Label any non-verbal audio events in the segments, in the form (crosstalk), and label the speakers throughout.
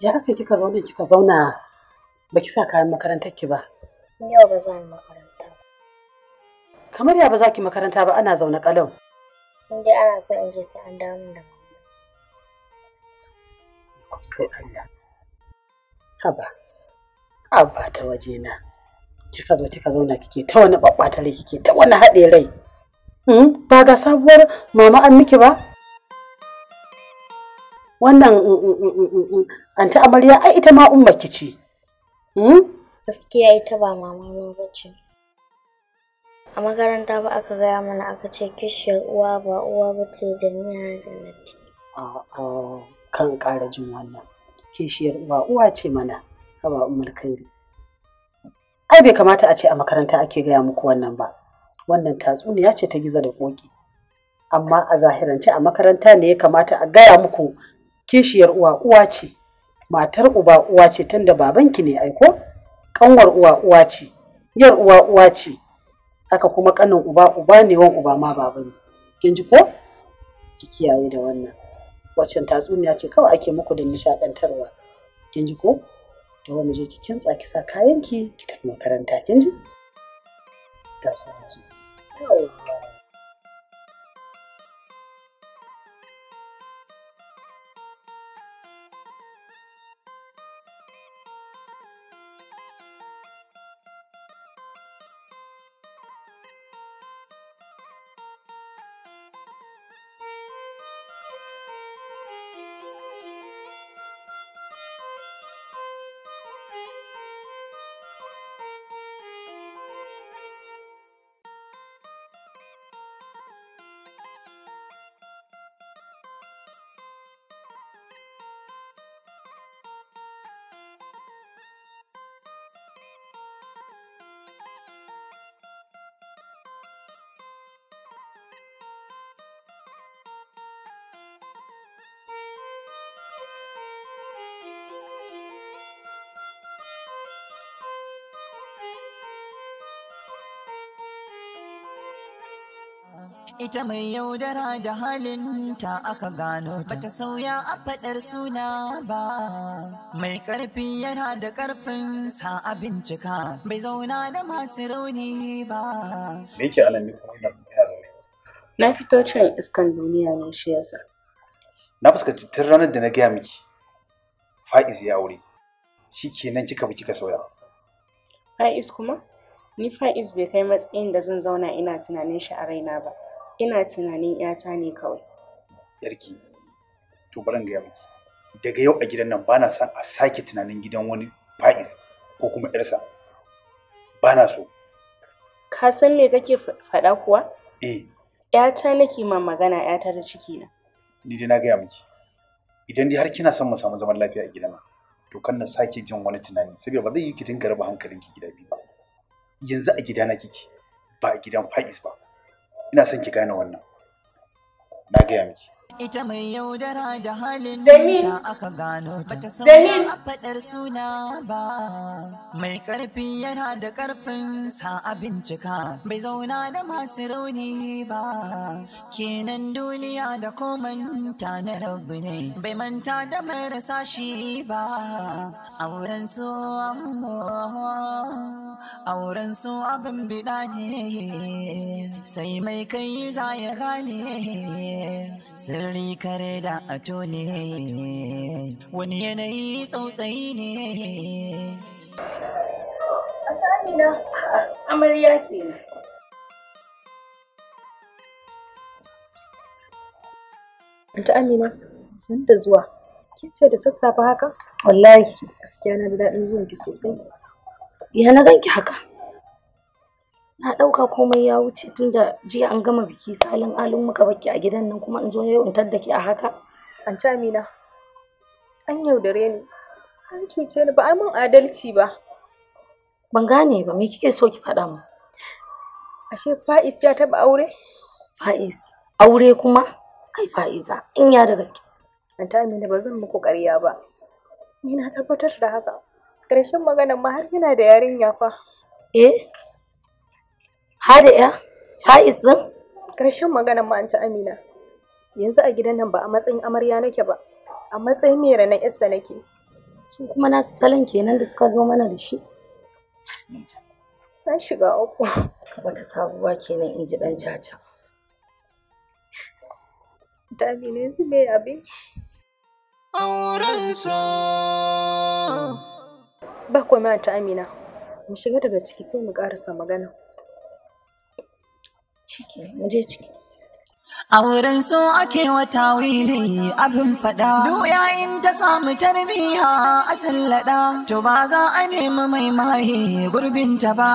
Speaker 1: Ya aka kika zauna kika zauna baki sa kayan makarantar ki ba?
Speaker 2: Yau ba zan makaranta
Speaker 1: Kamar ya ba za ki makaranta ba ana zaune kalau.
Speaker 2: In dai ana so in je sai an damu da
Speaker 1: Sai Allah. Haba. Abba ta waje na. Kika zo kika zauna kike ta wani rai kike ta wani haɗe rai. Hmm? Ba ga sabuwar mama an miki ba? wannan mm, mm, mm, anti amarya ai ita ma umma ce
Speaker 2: hmm? gaskiya ita ba mama ma bace a makaranta ba aka gaya mana aka ce kishiyar uwa ba uwa bace jami'a jannati
Speaker 1: a'a kan ƙara jin wannan kishiyar uwa uwa ce mana haba ummul kairi ai bai kamata a ce a makaranta ake gaya muku wannan ba wannan tatsuniya ce ta giza da koki amma a zahirance a makaranta ne ya kamata a gaya muku kishiyar uwa uwa ce matar uba uwa ce tunda babanki ne aiko kanwar uwa uwa ce yar uwa uwa ce haka kuma kanin uba uba ne wan uba ma baba ne kin ji ko ki kiyaye da wannan waccan tatsuniya ce kawai ake muku da nishadantarwa kin ji ko da mu je ki kintsa ki sa kayanki ki tafi makaranta kin ji ta
Speaker 2: sanar ji
Speaker 3: ita mai yaudara da halinta aka gano ta sauya a faɗar suna ba mai ƙarfi yana da karfin sa a bincika bai zauna da masu rauni ba
Speaker 4: me yake anan ni kuma
Speaker 3: ina zaune
Speaker 5: na fito cin iskan duniya ne shi yasa
Speaker 4: na fuskanci tun ranar da na gaya miki fa'iz ya aure shi kenan kika bi kika sauya
Speaker 5: fa'iz kuma ni fa'iz bai kai matsayin da zan zauna ina tunanin shi a raina ba ina tunanin ‘yata ne kawai.
Speaker 4: Yarki, to bari gaya miki. Daga yau a gidan nan ba na son a sake tunanin gidan wani fa'iz ko kuma ‘yarsa. Ba na so.
Speaker 1: Ka san
Speaker 5: me kake faɗa kuwa? Eh. ‘Yata nake ma magana ‘yata da ciki na.
Speaker 4: Ni dai na gaya miki. Idan dai har kina son mu samu zaman lafiya a gidan nan, to kan na sake jin wani tunani saboda ba zai yi ki dinga raba hankalinki gida biyu ba. Yanzu a gidana kike, ba a gidan fa'iz ba. ina son ki gane wannan na gaya miki
Speaker 3: ita mai yaudara da halin ta aka gano ta sauya a faɗar suna ba mai karfi yana da ƙarfin sa a bincika bai zauna da masu rauni ba kenan duniya da ta na rabu ne bai manta da marasa shi ba wurin su ah, ah, ah. auren su abin bida ne sai mai kai za ya gane sirri kare da a ne wani yanayi tsautsayi ne
Speaker 5: Anta Amina, san da zuwa. Kin ce da sassafe haka? Wallahi, gaskiya na ji daɗin zuwanki sosai. ya na ganki haka na ɗauka komai ya wuce tunda jiya an gama biki salin alin muka baki a gidan nan kuma in zo yau in tadda ki a haka Anta amina an yaudare ni an cuce ni ba a mun adalci ba ban gane ba me kike so ki faɗa mu ashe fa'is ya taɓa aure fa'is aure kuma kai fa'iza in ya da gaske Anta amina ba zan muku ƙarya ba ni na tabbatar da haka ƙarshen maganan ma har yana da yarinya fa eh ha da ya Ha din ƙarshen maganan ma anta amina yanzu a gidan nan ba a matsayin amarya nake ba a matsayin mera na yarsa nake su kuma nasu salon kenan da suka zo mana da shi na shiga uku wata sabuwa kenan in ji dan caca dami ne abin auren so Ba komai ta Amina. Mu shiga daga ciki sai mu karasa magana.
Speaker 3: Shike, mu je ciki. A wurin so ake wata wili abin fada, duk yayin ta samu tarbiya a sallada, to ba za a nemi mai maye gurbinta ba.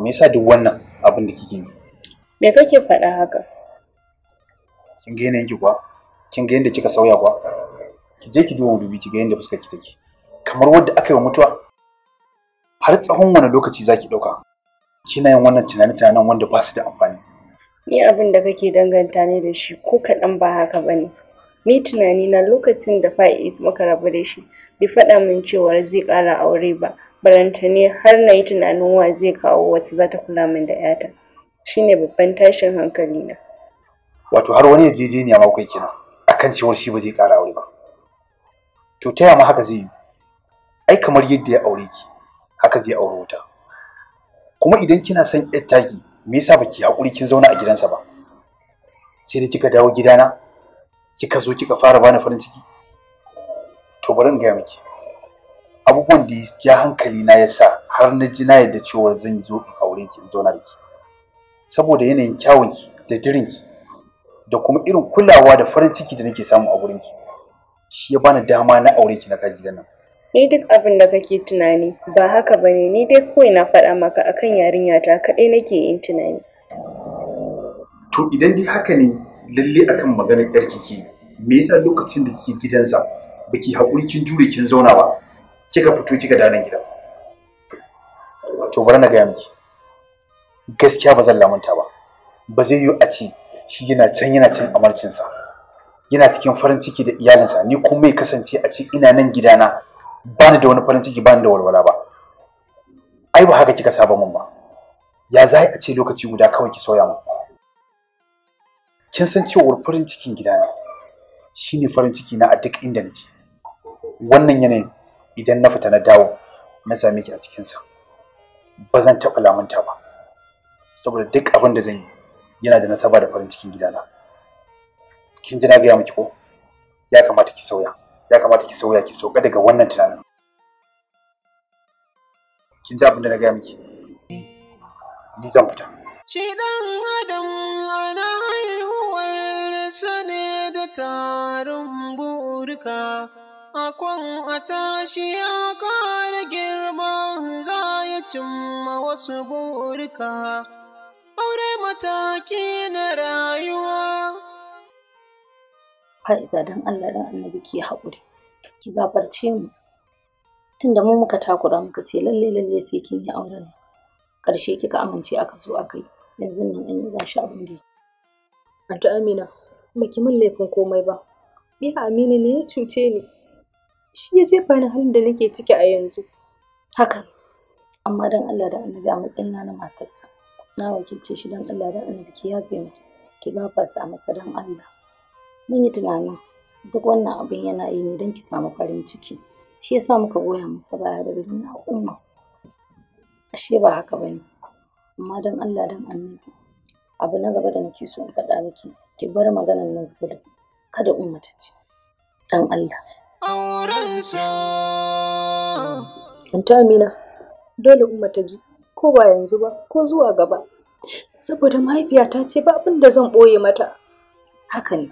Speaker 4: me yasa duk wannan abin da kike yi
Speaker 2: me kake faɗa haka
Speaker 4: kin ga yanayin ki kuwa kin ga yanda kika sauya kuwa ki je ki duba dubi ki ga yanda fuskar ki take kamar wadda aka yi mutuwa har tsawon wani lokaci zaki ɗauka kina yin wannan tunani-tunanin wanda ba su da amfani
Speaker 5: ni abin da kake danganta ne da shi ko kaɗan ba haka ba ne ni tunani na lokacin da fa'is muka rabu da shi bai faɗa min cewa zai ƙara aure ba ne, har na yi tunanin wa zai kawo wata za ta kula min da 'yata ne babban tashin hankali na
Speaker 4: wato har wani yarjejeniya ma kai a akan cewar shi ba zai ƙara aure ba to ta ma haka zai yi ai kamar yadda ya aure ki haka zai aure wuta kuma idan kina son yar taki me yasa baki hakuri kin zauna a gidansa ba sai da kika dawo gidana kika zo kika fara bani farin ciki to bari in gaya miki abubuwan da ya hankali na ya sa har na ji na yadda cewar zan zo in aure ki in zauna da ki saboda yanayin kyawun ki da jirin ki da kuma irin kulawa da farin ciki da nake samu a wurin ki shi ya bani dama na aure ki na kaji nan
Speaker 2: ni duk abin da
Speaker 5: kake tunani ba haka bane ni dai kawai na faɗa maka akan yarinya ta kaɗai nake yin
Speaker 4: tunani to idan dai haka ne lalle akan maganar yarki ke me yasa lokacin da kike gidansa baki haƙuri kin jure kin zauna ba kika fito kika da nan gidan to bari na gaya miki gaskiya ba zan lamunta ba ba zai yiwu a ci, shi yana can yana cin amarcinsa yana cikin farin ciki da iyalinsa ni kuma ya kasance a ce ina nan gidana ba ni da wani farin ciki ba ni da walwala ba ai ba haka kika saba mun ba ya za a ce lokaci guda kawai ki soya mu? kin san cewar farin cikin gidana shine farin ciki na a duk inda nake wannan yanayin idan na fita na dawo na same ki a cikinsa ba zan taɓa lamunta ba saboda duk abin da zan yi yana da nasaba da farin cikin gidana kin ji na gaya miki ko ya kamata ki sauya ya kamata ki sauya ki sauka daga wannan tunanin kin ji abin da na gaya miki ni zan fita
Speaker 3: shi dan adam ana haihuwar sane da tarin burka akon a tashi ya ƙara girma za ya cimma wasu burika aure mataki na rayuwa
Speaker 5: fa'iza don allah don annabi ki haƙuri ki gafarce mu tunda mu muka takura muka ce lalle lalle sai kin yi auren ƙarshe kika amince aka zo a kai. yanzu nan an yi gashi abin da Anta Amina, ki mun laifin komai ba. Ya Amina ne ya cuce ni. shi ya jefa ni halin da nake ciki a yanzu Haka. amma don Allah da annabi a matsayin na matarsa na wakilce shi dan Allah da annabi ki yafe mu ki gafarta masa dan Allah mun yi tunanin duk wannan abin yana yi ne don ki samu farin ciki shi yasa muka goya masa baya daga jin al'umma ashe ba haka bane amma don Allah dan annabi abu na gaba da nake so in faɗa miki ki bar maganar nan sirri kada umma ta ce dan Allah aurensu. Anta Amina, dole Umma ta ji, ko ba yanzu ba, ko zuwa gaba. Saboda mahaifiyata ce ba abin da zan ɓoye mata. Haka ne,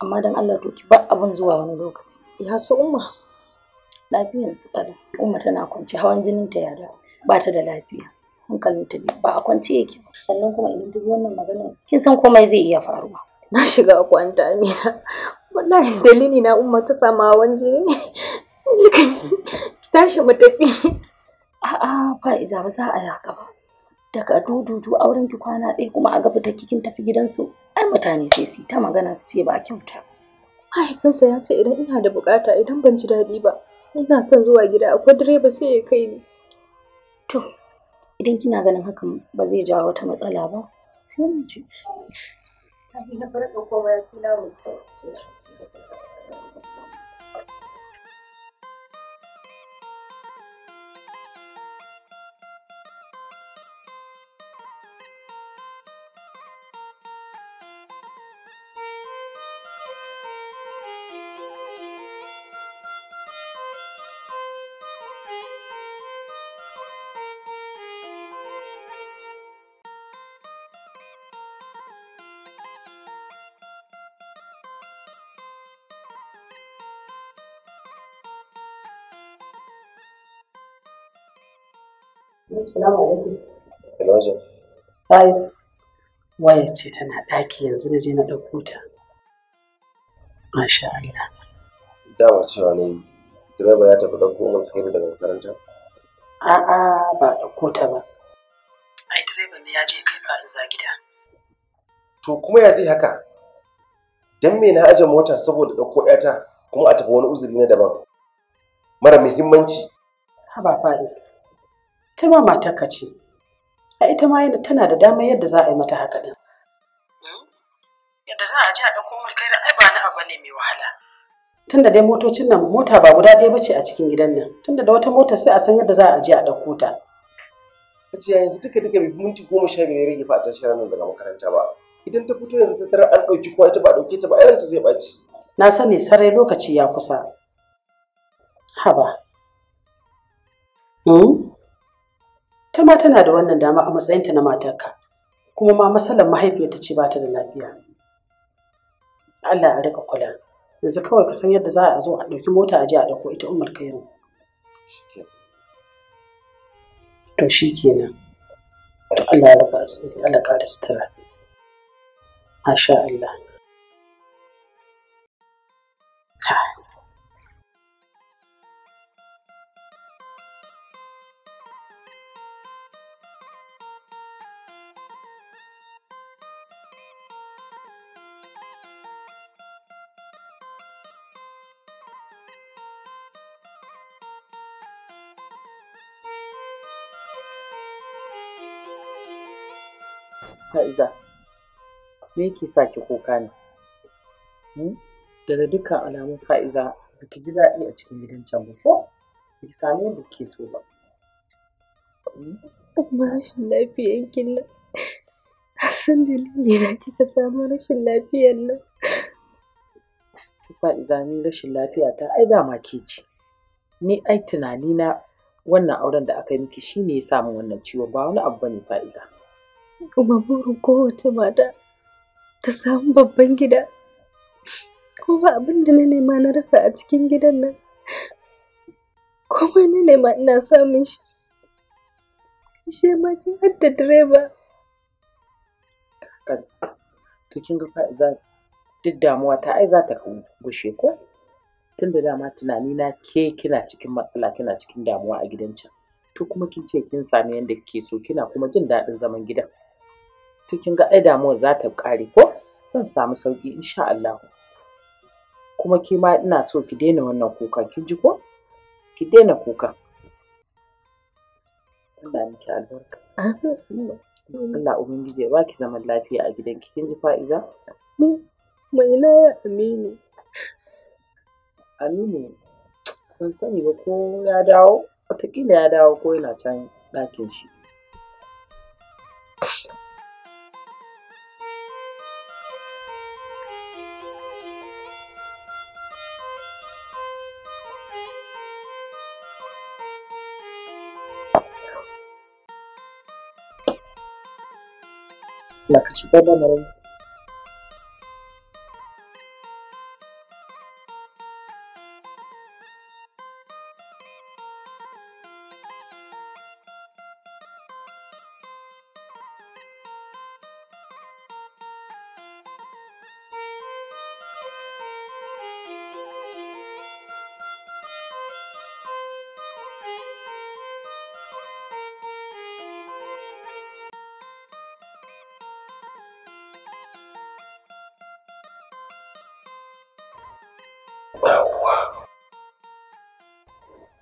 Speaker 5: amma don Allah to ki ba abin zuwa wani lokaci. Ya so Umma, lafiyan su ƙara. Umma tana kwanci. hawan jinin ta yada, ba ta da lafiya. ta bai ba a kwanci yake ba. Sannan kuma idan duk wannan maganar kin san komai zai iya faruwa. Na shiga kwanta Amina. wallahi (laughs) dalili na umma ta sama hawan jini ki (laughs) tashi mu tafi a'a fa'iza ba za a yi haka ba daga dududu auren ki kwana ɗaya kuma a gaba ki kin tafi gidansu ai mutane sai su ta magana su ce ba a kyauta mahaifinsa ya ce idan ina da bukata idan ban ji daɗi ba ina son zuwa gida akwai direba sai ya kai ni to idan kina ganin hakan ba zai jawo wata matsala ba sai mu ji na ɗauko waya kina mu
Speaker 2: Assalamu alaikum. Alhaji. Faiz. Waya ce tana ɗaki yanzu na je na ɗauko ta. Masha Allah. Dama cewa ne direba ya tafi ɗauko min fayil daga makaranta? A'a ba ɗauko ta ba. Ai direban ne ya je kai ba fa'in za gida.
Speaker 4: To kuma ya zai haka? Dan me na aje mota saboda ɗauko 'yata kuma a tafi wani uzuri na daban. Mara muhimmanci.
Speaker 1: Haba Faiz. ita ma matarka ce a ita ma yadda tana da damar yadda za a yi mata haka din yadda za a ji a ɗauko mulkai da ai ba na abu ne mai wahala tunda dai motocin nan mota ba guda ɗaya bace a cikin gidan nan tunda da wata mota sai a san yadda za a je a ɗauko ta
Speaker 4: Hajiya yanzu duka duka bi minti goma sha biyar rage fatan shirar nan daga makaranta ba idan ta fito yanzu ta tara an ɗauki ko ita ba ɗauke ta ba irin ta zai ɓaci
Speaker 1: na sani sarai lokaci ya kusa haba Hmm? ta ma tana da wannan dama a matsayinta na matarka kuma ma matsalar mahaifiyarta ce ba ta da lafiya Allah a rika kula yanzu kawai ka san yadda za a zo a ɗauki mota a je a ɗauko ita umar kairu
Speaker 2: to shi kenan to Allah ya rika asiri Allah da sutura masha Allah fa'iza me ke sa ki kuka ne hmm? daga dukkan alamun fa'iza ba ki ji daɗi a cikin gidan can ba ko ki sami yadda ke so ba
Speaker 5: amma hmm? rashin lafiyan kin nan san
Speaker 2: dalili kika samu rashin lafiyan nan fa'iza ni rashin lafiya ta ai ma ke ci. ni ai tunani na wannan auren da aka yi miki shine ya samu wannan ciwon ba wani abu bane fa'iza kuma burin kowace mata ta samu babban gida
Speaker 5: ko ba abin da na nema na rasa a cikin gidan nan komai na nema ina samun shi shi ma ki hadda direba
Speaker 2: to kin ga za duk damuwa ta ai za ta gushe ko da dama tunani na ke kina cikin matsala kina cikin damuwa a gidan can to kuma kin ce kin sami yadda kike so kina kuma jin daɗin zaman gidan to kin ga ai damuwar za ta ƙare ko zan samu sauki insha Allah kuma ke ma ina so ki daina wannan kuka, kin ji ko ki daina kuka. Allah miki albarka Allah ubangiji ya baki zaman lafiya a gidanki kin ji fa'iza mai na aminu aminu ban sani ba ko ya dawo wataƙila ya dawo ko yana can ɗakin shi la casita de Camarón.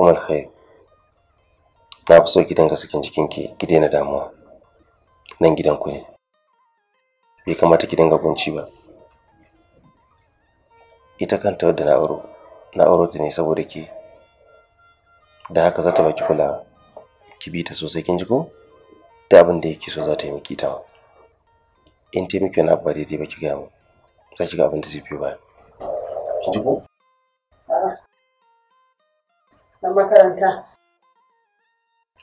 Speaker 4: kuma alkhairi na fi so ki dinga sakin jikinki ki daina damuwa nan gidan ku ne bai kamata ki dinga kunci ba ita kanta wadda na auro na auro ta ne saboda ke da haka za ta baki kulawa ki bi ta sosai kin ji ko da abin da yake so za ta yi miki ta in ta miki wani abu ba daidai ba ki gaya mu za ki ga abin da zai fi ba kin ji ko
Speaker 2: na makaranta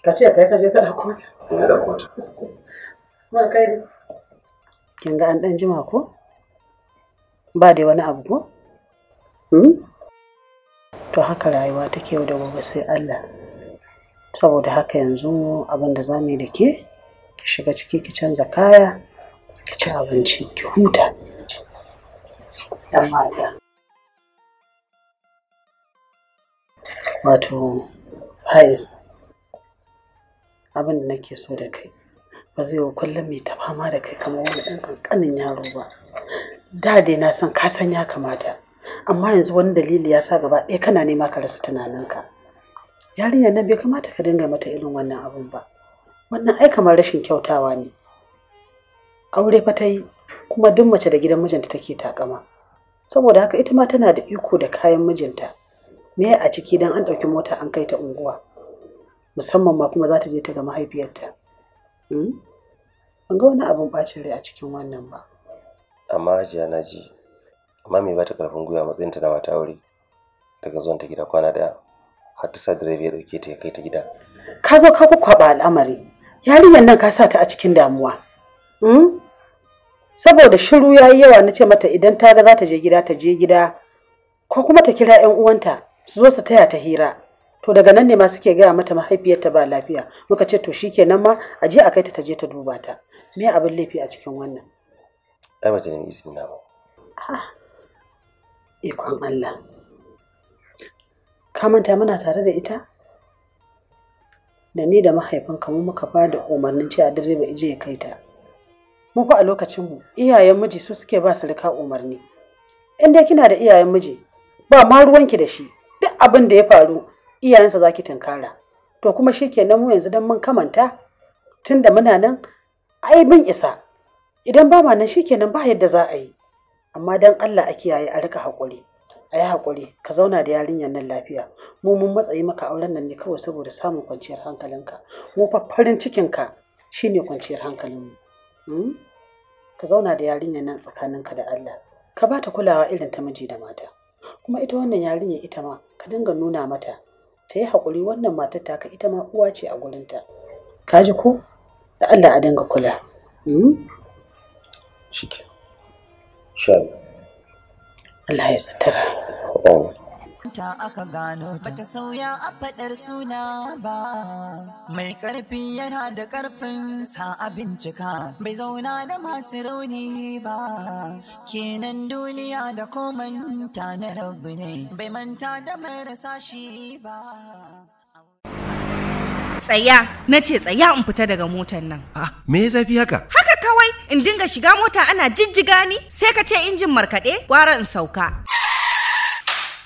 Speaker 2: ka ce kai ka je ka ɗauko kota, ma kai
Speaker 1: kin ga an ɗan jima ko ba dai wani abu ko hmm? to haka rayuwa take yau da gobe sai Allah saboda haka yanzu abin da zamu yi da ke ki shiga ciki ki canza
Speaker 2: kaya ki ci abinci ki huta wato
Speaker 1: Faiz abin da nake so da kai ba zai wa kullum mai ta fama da kai kamar wani ɗan ƙanƙanin yaro ba da dai na san ka san ya kamata amma yanzu wani dalili ya sa gaba ɗaya kana nema ka rasa tunaninka yarinyar nan bai kamata ka dinga mata irin wannan abun ba wannan ai kamar rashin kyautawa ne aure fa ta yi kuma duk mace da gidan mijinta take takama saboda haka ita ma tana da iko da kayan mijinta me a ciki dan an ɗauki mota an kai ta unguwa musamman ma kuma za ta je ta ga mahaifiyarta hmm? ban ga wani abin bacin rai a cikin wannan ba
Speaker 4: amma hajiya na ji amma me ba ta karfin gwiwa matsayin ta na mata aure daga zuwan ta gida kwana daya har ta sa direba ya dauke ta ya
Speaker 1: kai ta gida ka zo ka kwakwaba al'amari yarinyar nan ka sa ta a cikin damuwa hmm? saboda shiru ya yi yawa na ce mata idan ta ga za ta je gida ta je gida ko kuma ta kira 'yan uwanta su zo su taya ta hira to daga nan ne ma suke gaya mata mahaifiyarta ba lafiya muka ce to shi kenan ma a je a kai ta ta je ta duba ta me abin laifi a cikin wannan
Speaker 4: ai ba ta nemi izini na ba
Speaker 1: ah, ikon Allah ka manta muna tare da ita da ni da mahaifinka mu muka ba da umarnin cewa direba ije ya kai ta mu fa a lokacin mu iyayen miji su suke ba su rika umarni in dai kina da iyayen miji ba ma ruwanki da shi abin da ya faru iyayensa zaki tunkara to kuma shikenan mu yanzu dan mun kamanta tunda muna nan ai mun isa idan ba ma nan shikenan ba yadda za a yi amma dan Allah a kiyaye a rika haƙuri a yi haƙuri ka zauna da yarinyar nan lafiya mu mun matsayi maka auren nan ne kawai saboda samun kwanciyar hankalinka mu fa farin cikinka shine kwanciyar hankalinmu hmm? ka zauna da yarinyar nan tsakaninka da Allah ka ba ta kulawa irin ta miji da mata kuma ita wannan yarinya ita ma ka dinga nuna mata ta yi haƙuri wannan matar taka ita ma uwa ce a gurinta ka ji ko da Allah a dinga kula hmm?
Speaker 2: shike Allah ya sutura
Speaker 3: ta aka gano ta bata sauya a faɗar suna ba mai ƙarfi yana da karfin sa a bincika bai zauna da masu rauni ba kenan duniya da komanta na rabu ne bai manta da marasa shi ba tsaya
Speaker 5: na ce tsaya in fita daga motar nan.
Speaker 4: Ah, me ya zafi haka? Haka
Speaker 5: kawai in dinga shiga mota ana jijjiga ni sai ka ce injin markaɗe gwara in sauka.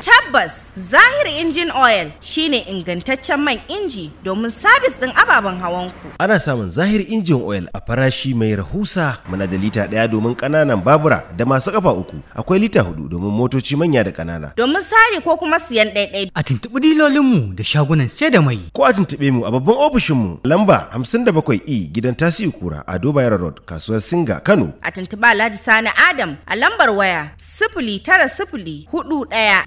Speaker 4: Tabbas Zahir
Speaker 5: Injin Oil shine ingantaccen man inji domin sabis ɗin ababen hawanku.
Speaker 4: Ana samun Zahir Injin Oil a farashi mai rahusa muna da lita ɗaya domin ƙananan babura da masu ƙafa uku akwai lita hudu domin motoci manya da ƙanana.
Speaker 5: Domin sari ko kuma siyan ɗaiɗai.
Speaker 4: A tuntuɓi mu da shagunan sai da mai. Ko a tuntuɓe mu a babban ofishin ofishinmu lamba hamsin da bakwai E gidan Tasiu Kura a Dubai Road kasuwar Singa Kano.
Speaker 5: A tuntuɓa Alhaji Sani Adam a lambar waya sifili tara sifili hudu ɗaya